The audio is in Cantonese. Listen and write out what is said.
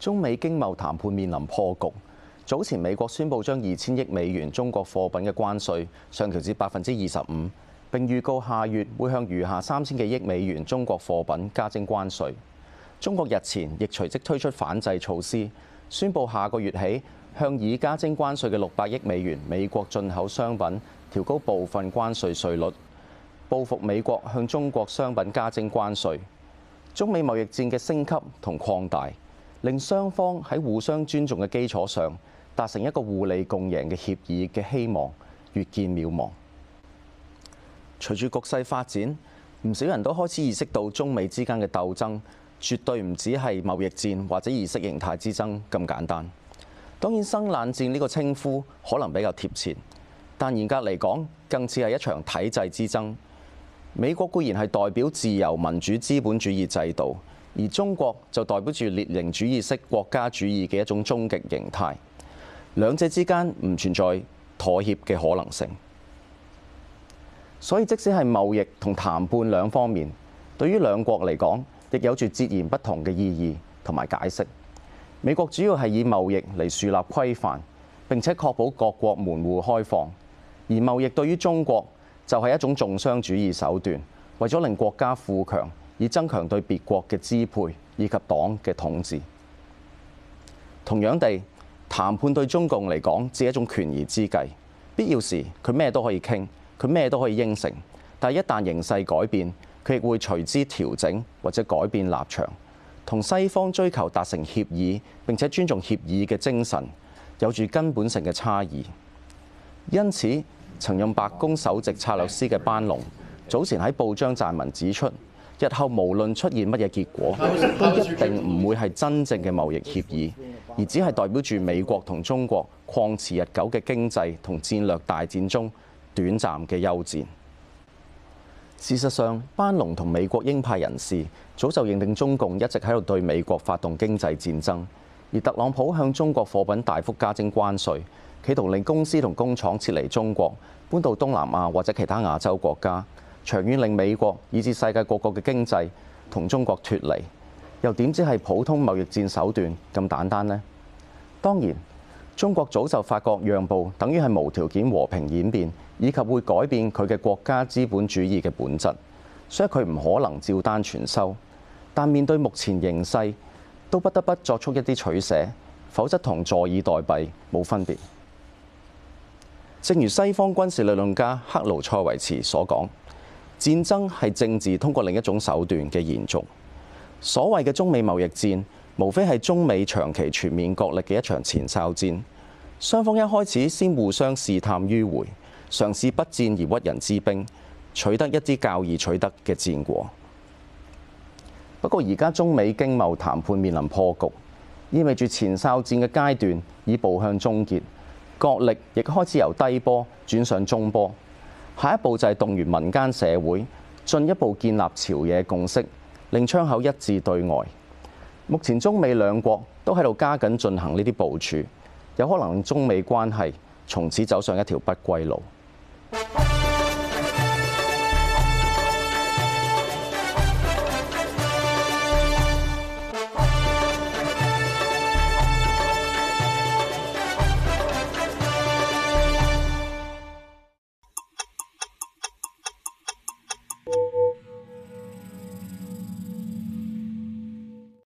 中美經貿談判面臨破局。早前美國宣布將二千億美元中國貨品嘅關稅上調至百分之二十五，並預告下月會向餘下三千幾億美元中國貨品加徵關稅。中國日前亦隨即推出反制措施，宣布下個月起向已加徵關稅嘅六百億美元美國進口商品調高部分關稅稅率，報復美國向中國商品加徵關稅。中美貿易戰嘅升級同擴大，令雙方喺互相尊重嘅基礎上達成一個互利共贏嘅協議嘅希望越見渺茫。隨住局勢發展，唔少人都開始意識到中美之間嘅鬥爭絕對唔止係貿易戰或者意識形態之爭咁簡單。當然，新冷戰呢個稱呼可能比較貼切，但嚴格嚟講，更似係一場體制之爭。美國固然係代表自由民主資本主義制度。而中國就代表住列寧主義式國家主義嘅一種終極形態，兩者之間唔存在妥協嘅可能性。所以，即使係貿易同談判兩方面，對於兩國嚟講亦有住截然不同嘅意義同埋解釋。美國主要係以貿易嚟樹立規範，並且確保各國門戶開放；而貿易對於中國就係一種重商主義手段，為咗令國家富強。以增強對別國嘅支配以及黨嘅統治。同樣地，談判對中共嚟講只係一種權宜之計，必要時佢咩都可以傾，佢咩都可以應承。但係一旦形勢改變，佢亦會隨之調整或者改變立場，同西方追求達成協議並且尊重協議嘅精神有住根本性嘅差異。因此，曾任白宮首席策略師嘅班農早前喺報章撰文指出。日後無論出現乜嘢結果，一定唔會係真正嘅貿易協議，而只係代表住美國同中國曠持日久嘅經濟同戰略大戰中短暫嘅休戰。事實上，班農同美國鷹派人士早就認定中共一直喺度對美國發動經濟戰爭，而特朗普向中國貨品大幅加徵關稅，企圖令公司同工廠撤離中國，搬到東南亞或者其他亞洲國家。長遠令美國以至世界各國嘅經濟同中國脫離，又點知係普通貿易戰手段咁簡單呢？當然，中國早就發覺讓步等於係無條件和平演變，以及會改變佢嘅國家資本主義嘅本質，所以佢唔可能照單全收。但面對目前形勢，都不得不作出一啲取捨，否則同坐以待斃冇分別。正如西方軍事理論家克勞塞維茨所講，戰爭係政治通過另一種手段嘅延續。所謂嘅中美貿易戰，無非係中美長期全面角力嘅一場前哨戰。雙方一開始先互相試探迂回，嘗試不戰而屈人之兵，取得一啲較易取得嘅戰果。不過而家中美經貿談判面臨破局，意味住前哨戰嘅階段已步向終結，角力亦開始由低波轉上中波。下一步就係動員民間社會進一步建立朝野共識，令窗口一致對外。目前中美兩國都喺度加緊進行呢啲部署，有可能中美關係從此走上一條不歸路。